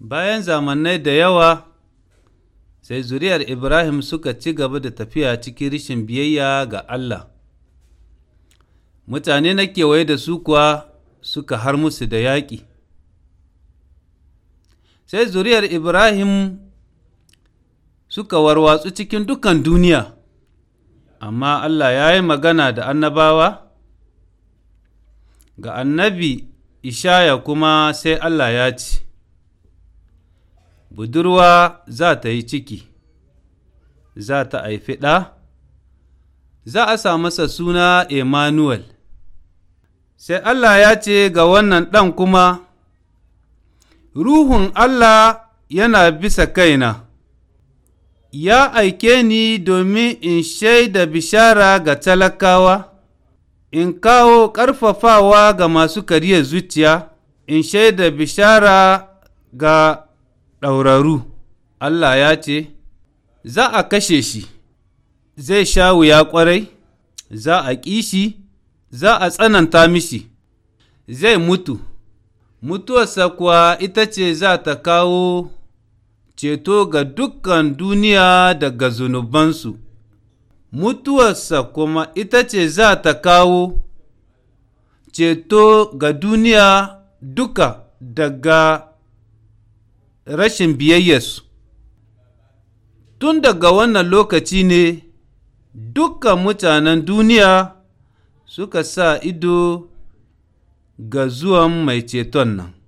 Bayan zamanai da yawa, sai zuriyar Ibrahim suka ci gaba da tafiya cikin rishin biyayya ga Allah. Mutane na kewaye da su kuwa suka har musu da yaƙi. Sai zuriyar Ibrahim suka warwatsu cikin dukan duniya, amma Allah ya yi magana da annabawa? Ga annabi Ishaya kuma sai Allah ya ci. budurwa za ta yi ciki, za ta haifi ɗa, za a sa masa suna Emmanuel. Sai Allah ya ce ga wannan ɗan kuma, Ruhun Allah yana bisa kaina, ya aike ni domin in shaida bishara ga talakawa, in kawo ƙarfafawa ga masu kariyar zuciya, in shaida bishara ga ɗauraru, Allah ya ce, Za a kashe shi, zai sha wuya ƙwarai, za a ƙi za a tsananta mishi, zai mutu, mutuwarsa kuwa ita ce za ta kawo ceto ga dukkan duniya daga zunubansu, mutuwarsa kuma ita ce za ta kawo ceto ga duniya duka daga rashin biyayyarsu. Tun daga wannan lokaci ne dukkan mutanen duniya suka sa ido ga zuwan mai ceton nan.